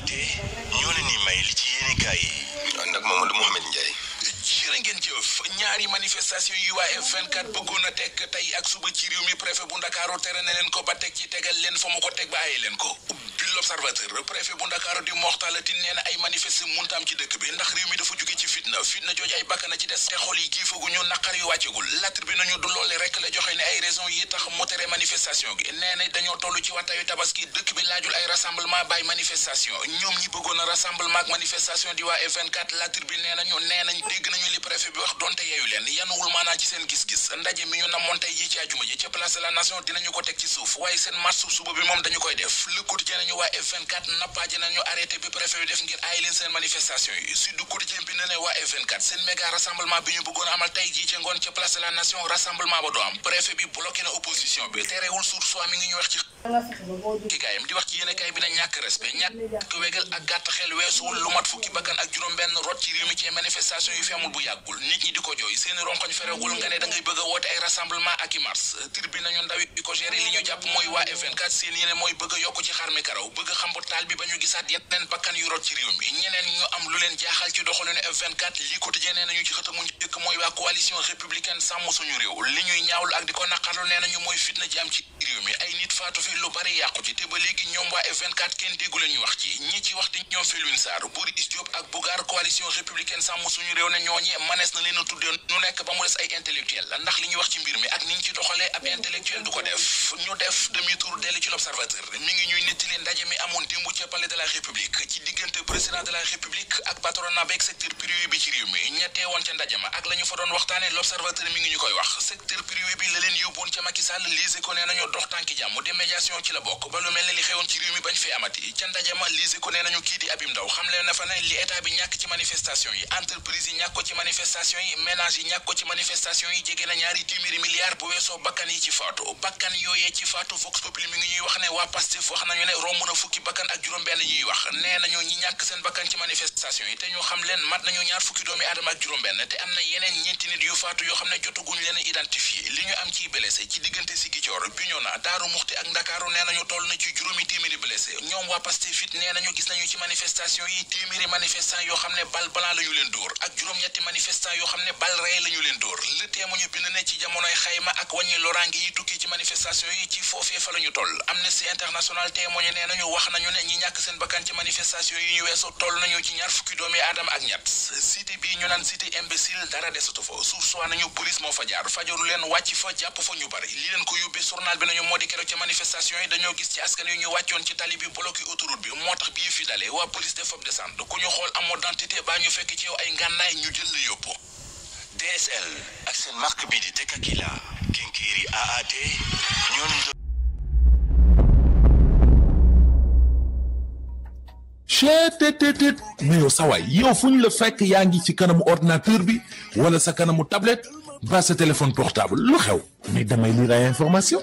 ATE ñoo leen di may li ci yéenekaay yi. ñu ànd ak Mamadou Mouhamed Ndiaye. jërë ngeen jëf ñaari manifestation yi waa F24 bëggoon a teg tey ak suba ci réew mi préfet bu Ndakaaru tere na leen ko ba teg ci tegal leen fa mu ko teg ba aye leen ko ubbi l'observateur préfet bu Ndakaaru di moxtalatin nee na ay manifeste muntaam ci dëkk bi ndax réew mi dafa jóge ci fitna fitna jooju ay bakkan ci des te xol yi giifagu ñu naqar yu wàccegul la tribune ñu du loole rek la joxe ne ay raison yi tax mu tere gi nee na dañoo toll ci wattaayu tabaski dëkk bi laajul ay rassemblement bàyyi manifestation ñoom ñi bëggoon a rassemblement ak manifestation di waa F24 la tribune nee nañu nee nañ dégg nañu li préfet bi wax donte yeeyu leen yanuwul maanaa ci seen gis-gis ndaje mi ñu namoon tey ji ci àjuma ji ca place ko teg ci suuf waaye seen koy def le quotidien nañu waa F24 nappaaje nañu arrêté bi préfet bi waa F24 seen méga rassemblement bi ñu bëggoon amal tey jii ci ngoon ca place la nation rassemblement ba doo am bi bloqué na opposition bi terewul suur soi mi ngi ñu wax ci gaayam di wax ci yéene kaay bi na ñàkk respect ñàkk wegal ak gàtt xel weesuwul lu mat fukki bakkan ak juróom-benn rot ci réew mi ci manifestation yu fi bu yàggul nit ñi di ko jooy seeni ronkoñ ferewul nga ne da bëgg a woote ay rassemblement ak i mars tir bi nañu ndaw yi ko géré li ñu jàpp mooy waa F24 seen mooy bëgg yokk ci xarmi karaw bëgg a xambu taal bi ba ñu gisaat yeneen bakkan yu rot ci réew mi ñeneen ñu am lu leen jaaxal ci doxalinu F24 li li ñuy ñaawlu ko naqarlu nee nañu mooy fitna nit faatu fi lu bari yàqu ci te ba léegi ñoom waa F24 kenn déggu la wax ci ñi ci wax di ñoom Felwine Sarr Boris Diop ak Bougar coalition républicaine sàmm suñu réew ne ñooñi manees na leen a tuddee nu nekk ba mu des ay intellectuel ndax li ñuy wax ci mbir mi ak niñ ci doxalee ab intellectuel du ko def ñu def demi tour dellu ci l'observateur mi ngi ñuy nettali ndaje mi amoon démb ca palais de la république ci diggante président de la république bopp di médiation ci la bokk ba lu mel ne li xewoon ci réew mi bañ fi amati ca ndajama lise ko nee nañu kii di Abim Ndaw xam leen na fa ne li état bi ñàkk ci manifestation yi entreprise yi ñàkk ko ci manifestation yi ménage yi ñàkk ko ci manifestation yi jege na ñaari téeméeri milliards bu weesoo bakkan yi ci faatu bakkan yooyee ci faatu Vox Populi mi ngi ñuy wax ne waa Pastef wax nañu ne romb na fukki bakkan ak juróom-benn ñuy wax nee nañu ñi ñàkk yoo xam ne jotaguñ leen identifié li ñu ak ndakaaru nee nañu toll na ci juróomi téeméeri blessé ñoom waa Pastef it nee nañu gis nañu ci manifestation yi téeméeri manifestant yoo xam ne bal balaa la leen dóor ak juróom-ñetti manifestant yoo xam ne bal rey la leen dóor le téemuñu bind ne ci jamonoy xayma ak wàññi loraange yi tukkee ci manifestation yi ci foofee fa toll Amnesty International téemoñu nee nañu wax nañu ne ñi ñàkk seen bakkan ci manifestation yi ñu weesu toll nañu ci ñaar fukki doomi aadama ak ñett wàccoon ci tali bi bloqué autoroute bi moo tax bii fi dalee waa police de fop descente ku ñu xool amoo identité baa ñu fekk ci yow ay ngànnaay ñu jël la yóbbu DSL ak seen marque bi di Tekakila Kinkiri AAD ñoom chetttt mais yow sawaay yow fu ñu la fekk yaa ngi ci kanamu ordinateur bi wala sa kanamu tablet ba sa téléphone portable lu xew mais damay lire ay information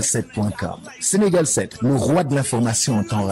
sénégal7.com Sénégal le roi de l'information en temps